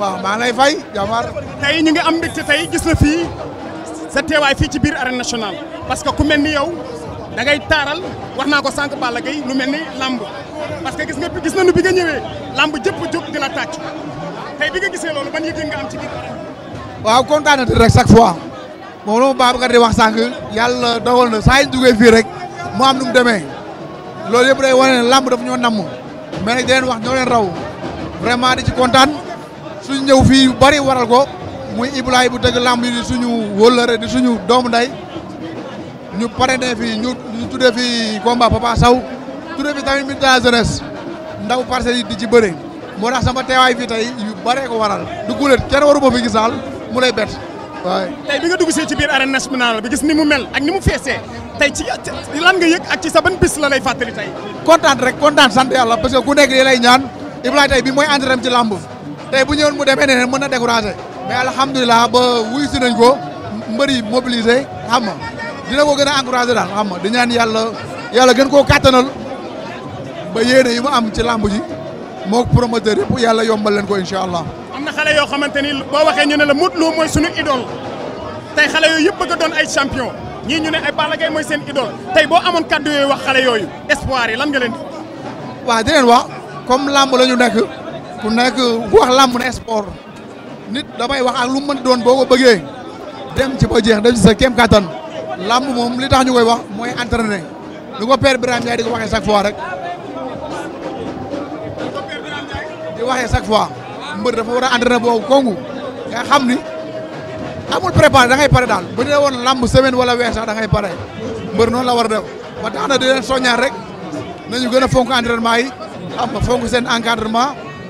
waaw maa lay fay jàmbaar. tey ñu ngi am mbégte tey gis na fii sa teewaay fii ci biir arène nationale parce que ku mel ni yow da ngay taaral wax naa ko sànq Balla gay lu mel ni làmb parce que gis nga gis nañu bi nga ñëwee làmb jëpp jóg di la tàcc tey bi nga gisee loolu ban yëg nga am ci biir waaw kontaan na rek chaque fois moom la ma Babacar di wax sànq yàlla dogal na saa yu duggee fii rek mu am nu mu demee loolu yëpp day wane ne làmb daf ñoo namm mais nag di wax ñoo leen raw vraiment di ci kontaan. suñu ñew fi yu bari waral ko muy ibrahim bu deug lamb yi suñu wóllare di suñu dom nday ñu parrainé fii ñu ñu tuddee fii combat Papa saw tudé fi tamit mita de jeunesse ndaw parce yi di ci bëre mo tax sama téway fi tay yu bari ko waral du gulet kenn waru ma fi gisal mu lay bet way tay bi nga dugg ci ci biir arena nationale bi gis ni mu mel ak ni mu fessé tay ci lan nga yëg ak ci sa ban bis la lay fatali tay kontaan rek kontaan sante yalla parce que ku nekk li lay ñaan ibrahim tay bi moy entraînement ci lamb tey bu ñëwoon mu demee neneen mën na découragé mais alhamdulilah ba wuy nañ ko mbëri mobilisé xam nga dina ko gën a encouragé daal xam nga di ñaan yàlla yàlla gën koo kàttanal ba yéene mu am ci làmb ji mook promoteur yëpp yàlla yombal len ko incha allah. am na xale yoo xamante ni boo waxee ñu ne la Modou Lo mooy suñu idole tey xale yooyu yëpp bëgg a ay champion ñii ñu ne ay Balla Gaye mooy seen idole tey boo amoon kàddu yooyu wax xale yooyu espoir yi lan nga leen waaw di leen wax comme làmb la ku nek wax lamb ne sport nit damay wax ak lu meun doon boko beugé dem ci ba jeex dem ci sa kem katan lamb mom li tax ñu koy wax moy entraîner lu ko père Birame Ndiaye di ko waxee chaque fois rek di waxee chaque fois mbeur dafa wara a entraîner boobu kongu nga xam ni amul préparé da ngay paré dal bu dee woon làmb semaine wala wéx sax da ngay paré mbeur non la wara def ba tax na di leen soñar rek nañu gëna fonk entraînement yi am fonk sen encadrement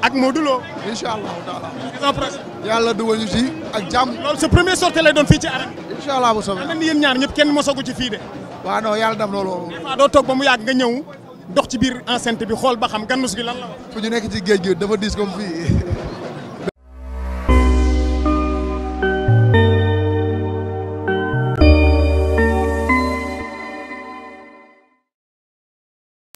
ak modulo. Inshallah. incha allahu taala. yàlla dugal ñu si ak jàmm. Lol sa premier sortie lay doon fi ci arène. Inshallah allah bu Amene yéen ñaar ñëpp kenn mosagu ci fi de. Wa non yalla daf lolo. des fois doo toog ba mu yag nga ñew dox ci biir enceinte bi xol ba xam gannus gi lan la. fu ñu nekk ci géej gi dafa dis comme fi.